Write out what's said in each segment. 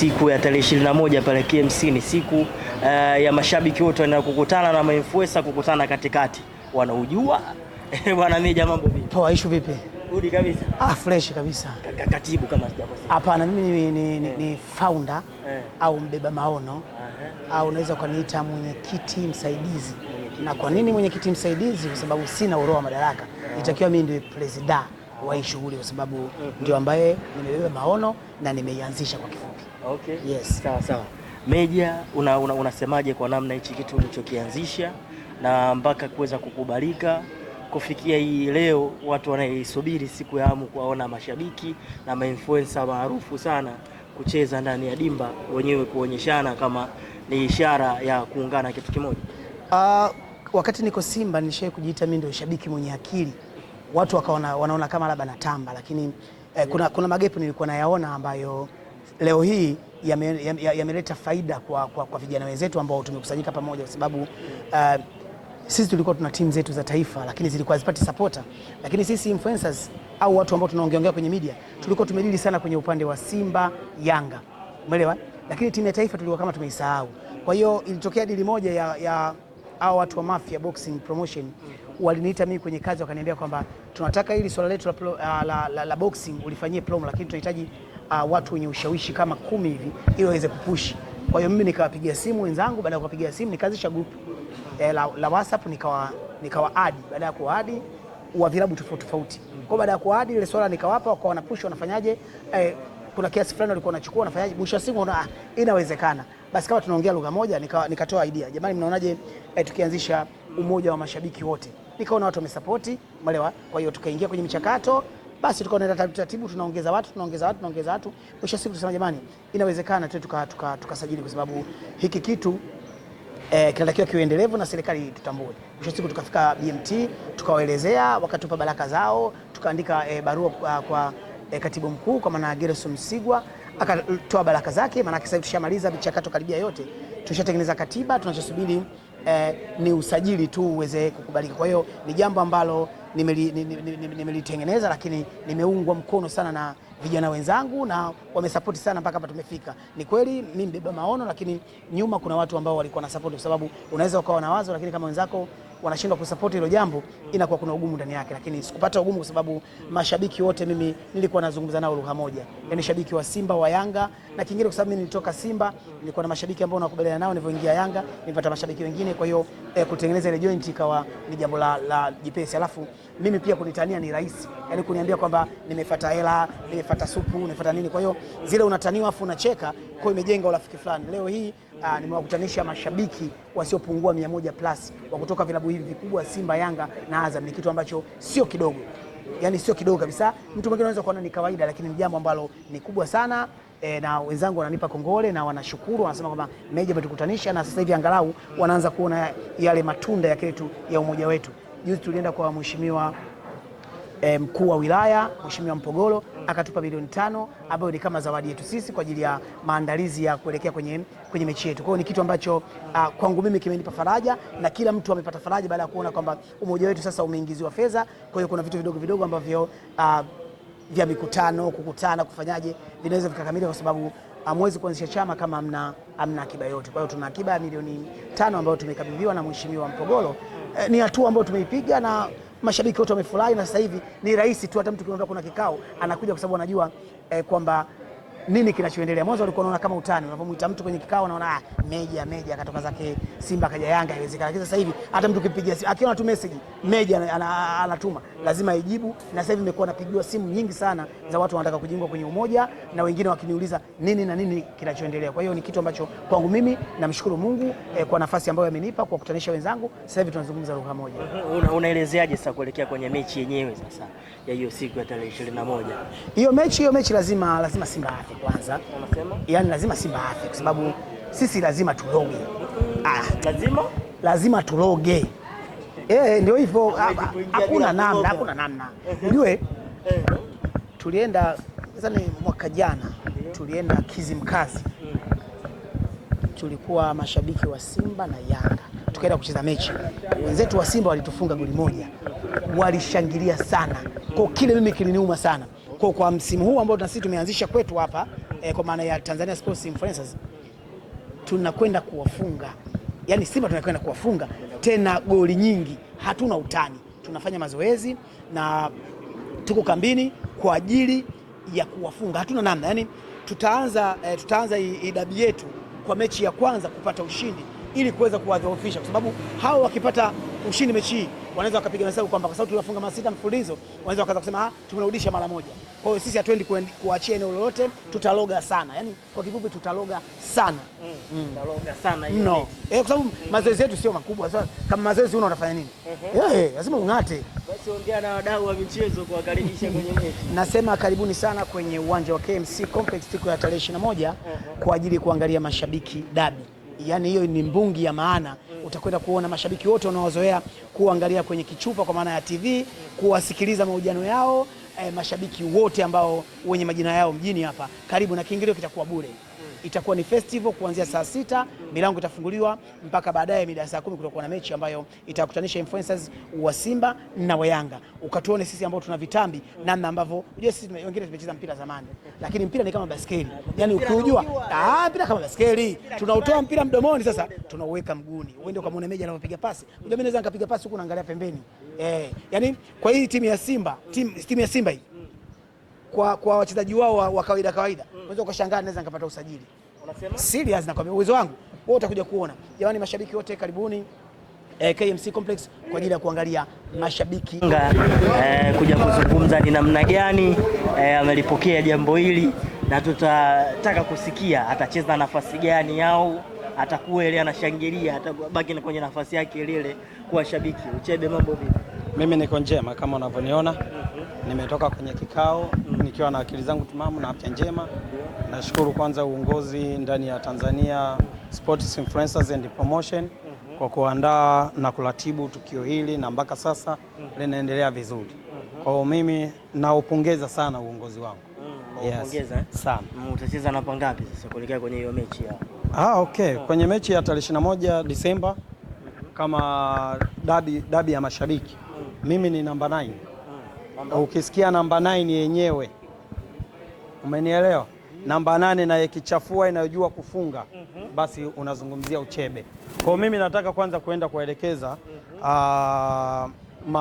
siku ya tarehe 21 pale KMC ni siku uh, ya mashabiki wote wanaenda kukutana na mainfluencer kukutana katikati, wanaujua bwana. Mimi jamaa, mambo vipi? Poa, issue vipi? Rudi kabisa. Ah, fresh kabisa. katibu kama sijakosea. Hapana, mimi ni, ni, yeah. ni founder yeah. au mbeba maono uh -huh. au unaweza ukaniita mwenyekiti msaidizi Na kwa nini mwenyekiti msaidizi? Kwa sababu sina uroa wa madaraka yeah. Itakiwa mimi ndio president wa hii shughuli kwa sababu mhm. ndio ambaye nimebeba maono na nimeianzisha kwa kifupi Okay. Yes. Sawa sawa. Meja, unasemaje una, una kwa namna hichi kitu ulichokianzisha na mpaka kuweza kukubalika kufikia hii leo, watu wanaisubiri siku ya amu kuwaona mashabiki na mainfluencer maarufu sana kucheza ndani ya dimba, wenyewe kuonyeshana kama ni ishara ya kuungana kitu kimoja. Uh, wakati niko Simba nilishawahi kujiita mimi ndio shabiki mwenye akili, watu wakaona wanaona kama labda natamba, lakini eh, kuna, kuna magepu nilikuwa nayaona ambayo leo hii yameleta ya, ya faida kwa, kwa, kwa vijana wenzetu ambao tumekusanyika pamoja kwa sababu uh, sisi tulikuwa tuna timu zetu za taifa lakini zilikuwa hazipati supporter, lakini sisi influencers au watu ambao tunaongeongea kwenye media tulikuwa tumedili sana kwenye upande wa Simba Yanga, umeelewa? Lakini timu ya taifa tulikuwa kama tumeisahau. Kwa hiyo ilitokea dili moja ya, ya hao watu wa Mafia Boxing Promotion waliniita mimi kwenye kazi, wakaniambia kwamba tunataka hili swala letu la, uh, la, la, la boxing ulifanyie promo, lakini tunahitaji uh, watu wenye ushawishi kama kumi hivi ili waweze kupushi. Kwa hiyo mimi nikawapigia simu wenzangu, baada ya kuwapigia simu nikaanzisha group e, la, la WhatsApp nikawa nikawa adi, baada ya kuadi wa vilabu tofauti tofauti. Kwa baada ya kuadi ile swala nikawapa, wakawa wanapush wanafanyaje, eh, kuna kiasi fulani walikuwa wanachukua wanafanyaje, mwisho wa siku ah, inawezekana. Basi kama tunaongea lugha moja, nikatoa idea, jamani, mnaonaje eh, tukianzisha umoja wa mashabiki wote. Nikaona watu wamesapoti, umeelewa. Kwa hiyo tukaingia kwenye michakato basi tukaona taratibu taratibu, tunaongeza watu tunaongeza watu tunaongeza watu, mwisho siku tunasema jamani, inawezekana tu tukasajili tuka, tuka kwa sababu hiki kitu eh, kinatakiwa kiendelevu na serikali tutambue. Mwisho siku tukafika BMT tukawaelezea, wakatupa baraka zao, tukaandika eh, barua kwa, ah, kwa eh, katibu mkuu kwa maana Gerson Msigwa akatoa baraka zake, maana sasa tushamaliza michakato karibia yote, tushatengeneza katiba, tunachosubiri eh, ni usajili tu uweze kukubalika. Kwa hiyo ni jambo ambalo nimelitengeneza, lakini nimeungwa mkono sana na vijana wenzangu na wamesapoti sana mpaka hapa tumefika. Ni kweli mimi mbeba maono, lakini nyuma kuna watu ambao walikuwa na sapoti, kwa sababu unaweza ukawa na wazo, lakini kama wenzako wanashindwa kusapoti hilo jambo, inakuwa kuna ugumu ndani yake, lakini sikupata ugumu kwa sababu mashabiki wote mimi nilikuwa nazungumza nao lugha moja, yani shabiki wa Simba wa Yanga na kingine, kwa sababu mimi nilitoka Simba nilikuwa na mashabiki ambao nakubaliana nao. Nilipoingia Yanga nilipata mashabiki wengine, kwa hiyo eh, kutengeneza ile joint ikawa ni jambo la, la jipesi. Alafu mimi pia kunitania ni rahisi, yani kuniambia kwamba nimefuata hela, nimefuata supu, nimefuata nini. Kwa hiyo zile unataniwa afu unacheka, kwa hiyo imejenga urafiki fulani. Leo hii uh, nimewakutanisha mashabiki wasiopungua 100 plus wa kutoka vilabu hivi vikubwa Simba, Yanga na Azam. Ni kitu ambacho sio kidogo, yani sio kidogo kabisa. Mtu mwingine anaweza kuona ni kawaida, lakini ni jambo ambalo ni kubwa sana. E, na wenzangu wananipa kongole na wanashukuru, wanasema kwamba Meja ametukutanisha na sasa hivi angalau wanaanza kuona yale matunda ya kile tu ya umoja wetu. Juzi tulienda kwa mheshimiwa eh, mkuu wa wilaya Mheshimiwa Mpogolo akatupa bilioni tano ambayo ni kama zawadi yetu sisi kwa ajili ya maandalizi ya kuelekea kwenye, kwenye mechi yetu. Kwa hiyo ni kitu ambacho uh, kwangu mimi kimenipa faraja na kila mtu amepata faraja baada ya kuona kwamba umoja wetu sasa umeingiziwa fedha. Kwa hiyo kuna vitu vidogo vidogo ambavyo uh, vya mikutano kukutana kufanyaje vinaweza vikakamilika kwa sababu amwezi ah, kuanzisha chama kama amna, amna akiba yote. Kwa hiyo tuna akiba ya milioni tano ambayo tumekabidhiwa na Mheshimiwa Mpogolo. Eh, ni hatua ambayo tumeipiga na mashabiki wote wamefurahi, na sasa hivi ni rahisi tu hata mtu kuna kikao anakuja kwa sababu anajua eh, kwamba nini kinachoendelea. Mwanzo walikuwa wanaona kama utani, unapomuita mtu kwenye kikao naona ah, meja meja akatoka zake Simba kaja Yanga, haiwezekana. Lakini sasa hivi hata mtu kipigia simu akiona tu message meja anatuma lazima ijibu, na sasa hivi imekuwa napigiwa simu nyingi sana za watu wanataka kujiunga kwenye umoja na wengine wakiniuliza nini na nini kinachoendelea. Kwa hiyo ni kitu ambacho kwangu mimi namshukuru Mungu eh, kwa nafasi ambayo amenipa kwa kutanisha wenzangu. Sasa hivi tunazungumza lugha moja. Mm-hmm. Unaelezeaje sasa kuelekea kwenye mechi yenyewe sasa ya hiyo siku ya tarehe 21? Hiyo mechi hiyo mechi lazima lazima Simba afe kwanza, yaani lazima Simba afe kwa sababu sisi lazima tuloge. Ah, lazima lazima tuloge. Eh, eh ndio hivyo, ah, ah, hakuna namna, hakuna eh. namna. Ujue eh. tulienda nadhani mwaka jana tulienda Kizimkazi, tulikuwa mashabiki wa Simba na Yanga, tukaenda kucheza mechi. Wenzetu wa Simba walitufunga goli moja, walishangilia sana, kwa kile mimi kiliniuma sana kwa, kwa msimu huu ambao sisi tumeanzisha kwetu hapa eh, kwa maana ya Tanzania Sports Influencers tunakwenda kuwafunga yani, Simba tunakwenda kuwafunga tena goli nyingi, hatuna utani, tunafanya mazoezi na tuko kambini kwa ajili ya kuwafunga, hatuna namna yani, tutaanza eh, tutaanza idabi yetu kwa mechi ya kwanza kupata ushindi ili kuweza kuwadhoofisha, kwa sababu hao wakipata ushindi mechi hii wanaweza wakapiga hesabu kwamba kwa sababu tunafunga sita mfululizo, wanaweza wakaanza kusema ah, tumerudisha mara moja. Kwa hiyo sisi hatuendi kuachia eneo lolote, tutaloga sana, yani kwa kifupi tutaloga sana mm. mm. tutaloga sana hiyo no. E, kwa sababu mazoezi yetu sio makubwa. Sasa kama mazoezi una unafanya nini? Mhm. Eh, eh, lazima ung'ate. Basi ongea na wadau wa michezo kuwakaribisha kwenye mechi. Nasema karibuni sana kwenye uwanja wa KMC Complex siku ya tarehe 21 mhm. kwa ajili ya kuangalia mashabiki dabi yani hiyo ni mbungi ya maana. Utakwenda kuona mashabiki wote wanaozoea kuangalia kwenye kichupa kwa maana ya TV, kuwasikiliza mahojiano yao, E, mashabiki wote ambao wenye majina yao mjini hapa, karibu na kiingilio kitakuwa bure itakuwa ni festival kuanzia saa sita, milango itafunguliwa mpaka baadaye mida saa kumi kutakuwa na mechi ambayo itakutanisha influencers wa Simba na wa Yanga. Ukatuone sisi ambao tuna vitambi namna ambavyo unajua sisi wengine tumecheza mpira zamani, lakini mpira ni kama baskeli. Yaani ukijua ah, mpira kama baskeli. Tunautoa mpira mdomoni sasa tunauweka mguuni. Uende ukamwona Meja anapiga pasi. Unajua mimi naweza nikapiga pasi huku naangalia pembeni. Eh, yani kwa hii timu ya Simba, timu, timu ya Simba hii kwa, kwa wachezaji wao wa, wa kawaida kawaida mm. Unaweza ukashangaa naweza nikapata usajili. Unasema serious na kwa uwezo wangu wewe utakuja kuona. Jamani, mashabiki wote karibuni eh, KMC Complex kwa ajili ya kuangalia mashabiki eh, kuja kuzungumza ni namna gani eh, amelipokea jambo hili na tutataka kusikia atacheza nafasi gani au atakuwa ile anashangilia atabaki kwenye nafasi yake ile kuwa shabiki. Uchebe, mambo vipi? Mimi niko njema kama unavyoniona, nimetoka kwenye kikao nikiwa na akili zangu timamu na afya njema. Nashukuru kwanza uongozi ndani ya Tanzania Sports Influencers and Promotion mhm. kwa kuandaa na kuratibu tukio hili na mpaka sasa mhm. linaendelea vizuri. Mhm. Kwa hiyo mimi naupongeza sana uongozi wangu. Mm, yes, eh? sana. Mm, utacheza na pangapi sasa kuelekea kwenye hiyo mechi ya? Ah, okay. Mm. Kwenye mechi ya tarehe 21 Disemba kama dabi, dabi ya mashabiki mimi ni namba 9. Ukisikia namba 9 yenyewe Umenielewa? Namba nane nayekichafua inayojua kufunga Basi unazungumzia uchebe. Kwa mimi nataka kwanza kuenda kuwaelekeza ah, ma,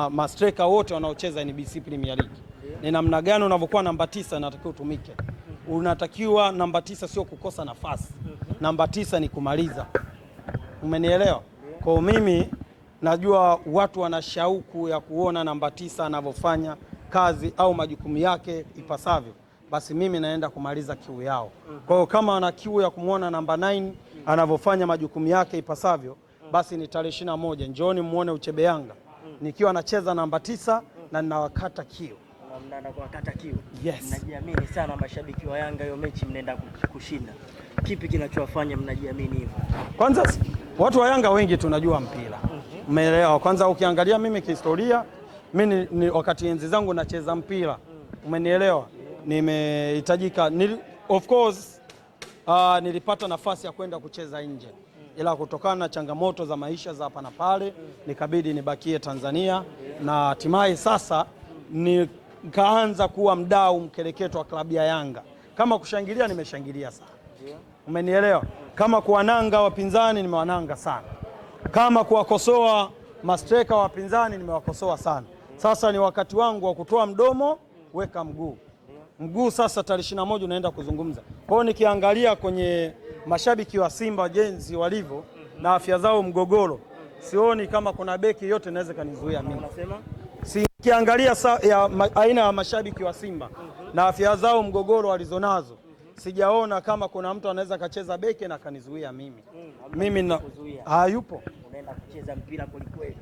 ma, mastreka wote wanaocheza NBC Premier League Ni namna gani unavyokuwa namba tisa inatakiwa utumike Unatakiwa namba tisa sio kukosa nafasi Namba tisa ni kumaliza, umenielewa? Kwa mimi najua watu wana shauku ya kuona namba tisa anavyofanya kazi au majukumu yake ipasavyo basi mimi naenda kumaliza kiu yao. Mm. Kwa hiyo kama ana kiu ya kumwona namba 9 mm. anavyofanya majukumu yake ipasavyo, mm. basi ni tarehe ishirini na moja njooni muone Uchebe Yanga nikiwa anacheza namba tisa na ninawakata kiu. Mnawakata kiu. Yes. Mnajiamini sana mashabiki wa Yanga, hiyo mechi mnaenda kushinda. Kipi kinachowafanya mnajiamini hivyo? Kwanza watu wa Yanga wengi tunajua mpira, mhm. umeelewa? mm -hmm. Kwanza ukiangalia mimi kihistoria, mimi ni wakati enzi zangu nacheza mpira, umenielewa? nimehitajika nil, of course uh, nilipata nafasi ya kwenda kucheza nje, ila kutokana na changamoto za maisha za hapa na pale nikabidi nibakie Tanzania na hatimaye sasa nikaanza kuwa mdau mkeleketo wa klabu ya Yanga. Kama kushangilia nimeshangilia sana, umenielewa? Kama kuwananga wapinzani nimewananga sana, kama kuwakosoa mastreka wapinzani nimewakosoa sana. Sasa ni wakati wangu wa kutoa mdomo, weka mguu mguu sasa tarehe ishirini moja unaenda kuzungumza. Kwa hiyo nikiangalia kwenye mashabiki wa Simba jenzi walivyo na afya zao mgogoro, sioni kama kuna beki yote inaweza kanizuia mimi. Si nikiangalia aina ya mashabiki wa Simba na afya zao mgogoro walizonazo sijaona kama kuna mtu anaweza kacheza beki na kanizuia mimi. Mm, mimi na hayupo, ah, unaenda kucheza mpira kweli kweli.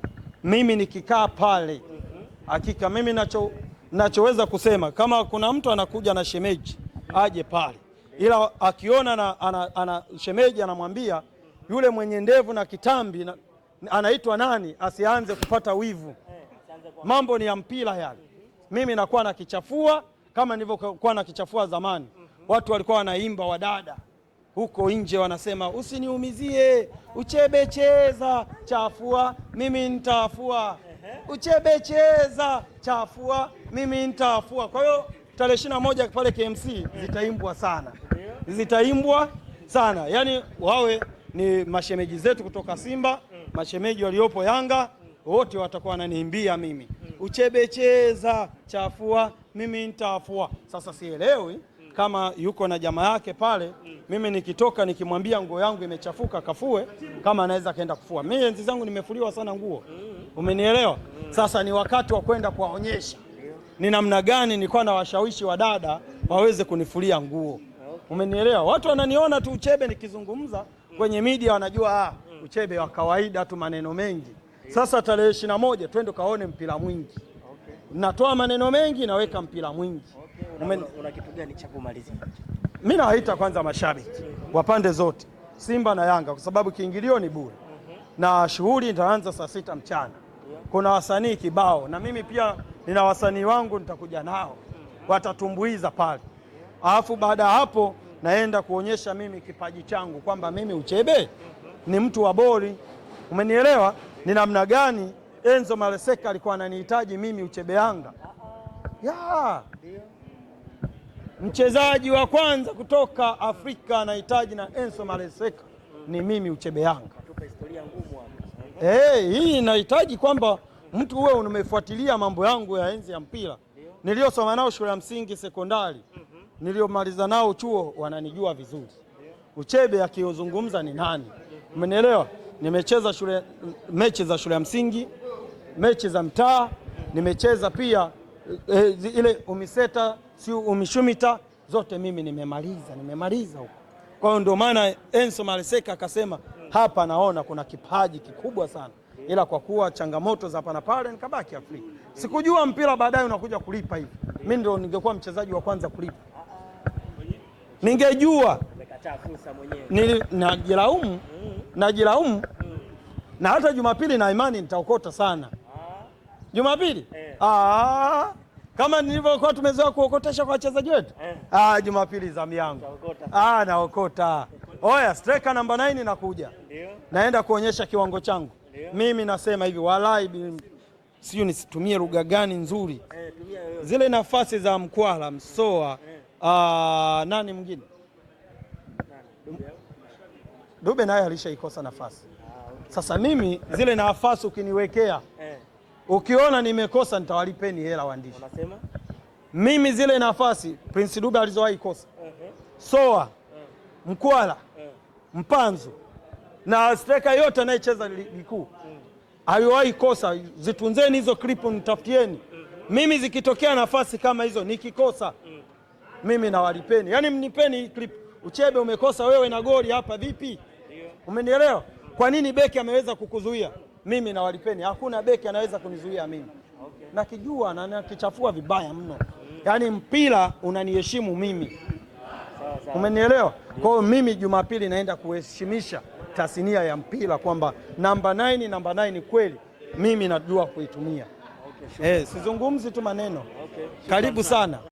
Mimi nikikaa pale, mhm. hakika mimi nacho nachoweza kusema kama kuna mtu anakuja na shemeji aje pale, ila akiona na, ana, ana, shemeji anamwambia yule mwenye ndevu na kitambi na, anaitwa nani, asianze kupata wivu. Mambo ni ya mpira yale. Mimi nakuwa nakichafua kama nilivyokuwa nakichafua zamani. Watu walikuwa wanaimba wadada huko nje wanasema, usiniumizie uchebecheza, chafua mimi nitafua uchebecheza chafua, mimi nitafua. Kwa hiyo tarehe ishirini na moja pale KMC zitaimbwa sana, zitaimbwa sana yaani wawe ni mashemeji zetu kutoka Simba, mashemeji waliopo Yanga wote watakuwa wananiimbia mimi uchebecheza chafua, mimi nitafua. Sasa sielewi kama yuko na jama yake pale, mimi nikitoka nikimwambia nguo yangu imechafuka kafue, kama anaweza akaenda kufua. Mimi enzi zangu nimefuliwa sana nguo Umenielewa? Sasa ni wakati wa kwenda kuwaonyesha ni namna gani nilikuwa na washawishi wa dada waweze kunifulia nguo. Umenielewa? Watu wananiona tu Uchebe nikizungumza kwenye media, wanajua ah, Uchebe wa kawaida tu, maneno mengi. Sasa tarehe ishirini na moja twende kaone mpira mwingi. Natoa maneno mengi, naweka mpira mwingi. Una kitu gani cha Mimi nawaita kwanza mashabiki wa pande zote, Simba na Yanga, kwa sababu kiingilio ni bure mhm. na shughuli itaanza saa sita mchana kuna wasanii kibao, na mimi pia nina wasanii wangu nitakuja nao watatumbuiza pale, alafu baada ya hapo naenda kuonyesha mimi kipaji changu kwamba mimi Uchebe ni mtu wa boli, umenielewa? Ni namna gani Enzo Mareseka alikuwa ananihitaji mimi Uchebe Yanga ya mchezaji wa kwanza kutoka Afrika anahitaji na Enzo Mareseka ni mimi Uchebe Yanga hey, eh, hii inahitaji kwamba mtu uwe umefuatilia mambo yangu ya enzi ya mpira niliyosoma nao shule ya msingi sekondari, niliyomaliza nao chuo, wananijua vizuri. Uchebe akiozungumza ni nani? Umenielewa? Nimecheza shule, mechi za shule ya msingi, mechi za mtaa, nimecheza pia e, ile umiseta si umishumita zote mimi nimemaliza, nimemaliza huko. Kwa hiyo ndio maana Enso maleseka akasema hapa naona kuna kipaji kikubwa sana, ila kwa kuwa changamoto za hapa na pale nikabaki Afrika. Sikujua mpira baadaye unakuja kulipa hivi. Mimi ndio ningekuwa mchezaji wa kwanza kulipa, ningejua najilaumu, najilaumu na hata Jumapili na imani nitaokota sana Jumapili eh. Aa, ah, kama nilivyokuwa tumezoea kuokotesha kwa wachezaji wetu eh. Ah, Jumapili zamu yangu ah, naokota Oya, striker namba 9 nakuja, naenda kuonyesha kiwango changu. Mimi nasema hivi, walai, sijui nisitumie lugha gani nzuri, eh, zile nafasi za Mkwala, Msoa, eh. ah, nani mwingine, Dube naye alishaikosa nafasi. Ah, Sasa mimi zile nafasi ukiniwekea, eh. ukiona nimekosa, nitawalipeni hela waandishi. Mimi zile nafasi Prince Dube alizowahi kosa, Soa, Mkwala Mpanzu na striker yote anayecheza ligi kuu mm. aliwahi kosa. Zitunzeni hizo klipu, nitafutieni mm. mimi. Zikitokea nafasi kama hizo nikikosa mm. mimi nawalipeni, yaani mnipeni hii klipu. Uchebe umekosa wewe na goli hapa, vipi? Umenielewa? Kwa nini beki ameweza kukuzuia? Mimi nawalipeni, hakuna beki anaweza kunizuia mimi, nakijua na nakichafua vibaya mno. yani mpira unaniheshimu mimi, umenielewa? Kwa hiyo mimi Jumapili naenda kuheshimisha tasnia ya mpira kwamba namba 9 namba 9 kweli mimi najua kuitumia. Okay, Eh, sizungumzi tu maneno. Okay, Karibu sana.